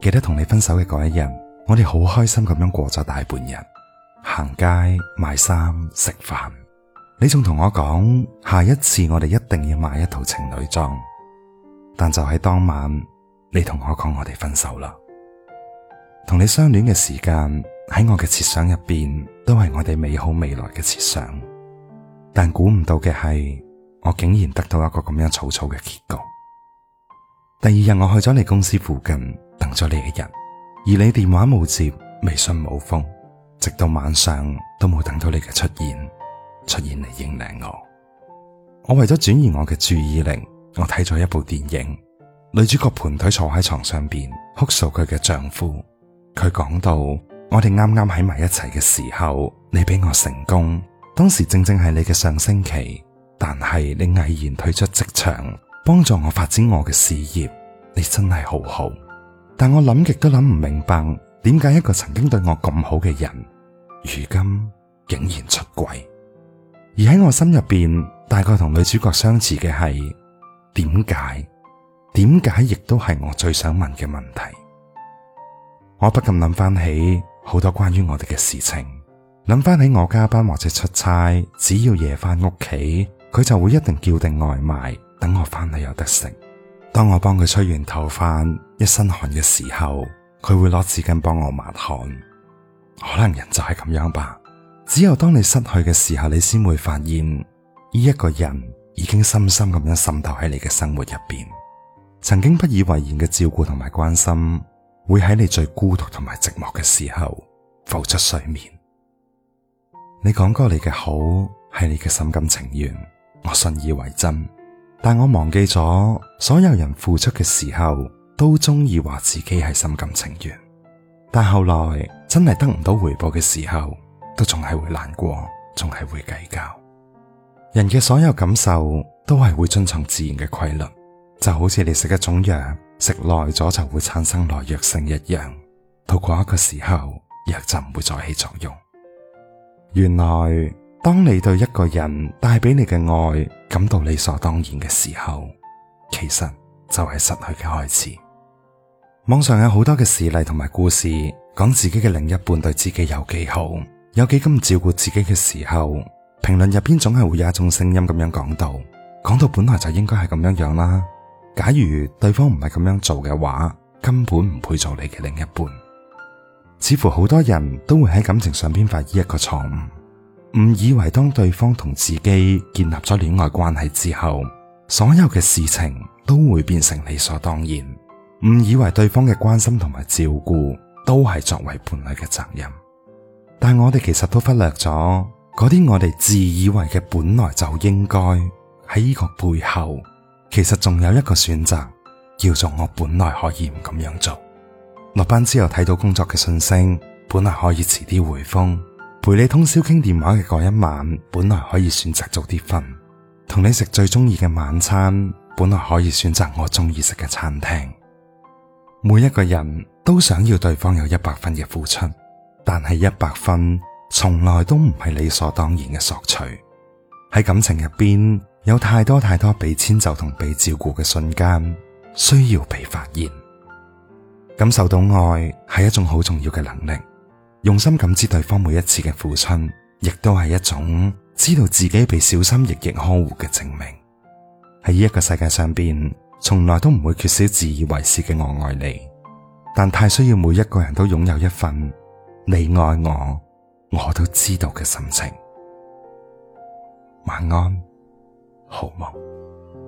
記得同你分手嘅嗰一日，我哋好開心咁樣過咗大半日，行街買衫食飯，你仲同我講，下一次我哋一定要買一套情侶裝。但就喺當晚，你同我講，我哋分手啦。同你相戀嘅時間喺我嘅設想入邊，都係我哋美好未來嘅設想。但估唔到嘅係，我竟然得到一個咁樣草草嘅結局。第二日我去咗你公司附近。等咗你一日，而你電話冇接，微信冇封，直到晚上都冇等到你嘅出現，出現嚟認領我。我為咗轉移我嘅注意力，我睇咗一部電影，女主角盤腿坐喺床上邊哭訴佢嘅丈夫。佢講到：我哋啱啱喺埋一齊嘅時候，你俾我成功，當時正正係你嘅上升期。但係你毅然退出職場，幫助我發展我嘅事業，你真係好好。但我諗極都諗唔明白，點解一個曾經對我咁好嘅人，如今竟然出軌？而喺我心入邊，大概同女主角相似嘅係，點解？點解？亦都係我最想問嘅問題。我不禁諗翻起好多關於我哋嘅事情，諗翻起我加班或者出差，只要夜翻屋企，佢就會一定叫定外賣，等我翻嚟有得食。當我幫佢吹完頭髮，一身汗嘅時候，佢會攞紙巾幫我抹汗。可能人就係咁樣吧。只有當你失去嘅時候，你先會發現呢一個人已經深深咁樣滲透喺你嘅生活入邊。曾經不以為然嘅照顧同埋關心，會喺你最孤獨同埋寂寞嘅時候浮出水面。你講過你嘅好係你嘅心甘情願，我信以為真。但我忘記咗，所有人付出嘅時候都中意話自己係心甘情願，但後來真係得唔到回報嘅時候，都仲係會難過，仲係會計較。人嘅所有感受都係會遵從自然嘅規律，就好似你食一種藥，食耐咗就會產生耐藥性一樣，到過一個時候，藥就唔會再起作用。原來。當你對一個人帶俾你嘅愛感到理所當然嘅時候，其實就係失去嘅開始。網上有好多嘅事例同埋故事，講自己嘅另一半對自己有幾好，有幾咁照顧自己嘅時候，評論入邊總係會有一種聲音咁樣講到，講到本來就應該係咁樣樣啦。假如對方唔係咁樣做嘅話，根本唔配做你嘅另一半。似乎好多人都會喺感情上邊犯呢一個錯誤。誤以為當對方同自己建立咗戀愛關係之後，所有嘅事情都會變成理所當然。誤以為對方嘅關心同埋照顧都係作為伴侶嘅責任。但我哋其實都忽略咗嗰啲我哋自以為嘅本來就應該，喺呢個背後，其實仲有一個選擇，叫做我本來可以唔咁樣做。落班之後睇到工作嘅信息，本來可以遲啲回覆。陪你通宵傾電話嘅嗰一晚，本來可以選擇早啲瞓；同你食最中意嘅晚餐，本來可以選擇我中意食嘅餐廳。每一個人都想要對方有一百分嘅付出，但係一百分從來都唔係理所當然嘅索取。喺感情入邊，有太多太多被遷就同被照顧嘅瞬間，需要被發現。感受到愛係一種好重要嘅能力。用心感知對方每一次嘅付出，亦都係一種知道自己被小心翼翼呵護嘅證明。喺呢一個世界上邊，從來都唔會缺少自以為是嘅我愛你，但太需要每一個人都擁有一份你愛我，我都知道嘅心情。晚安，好夢。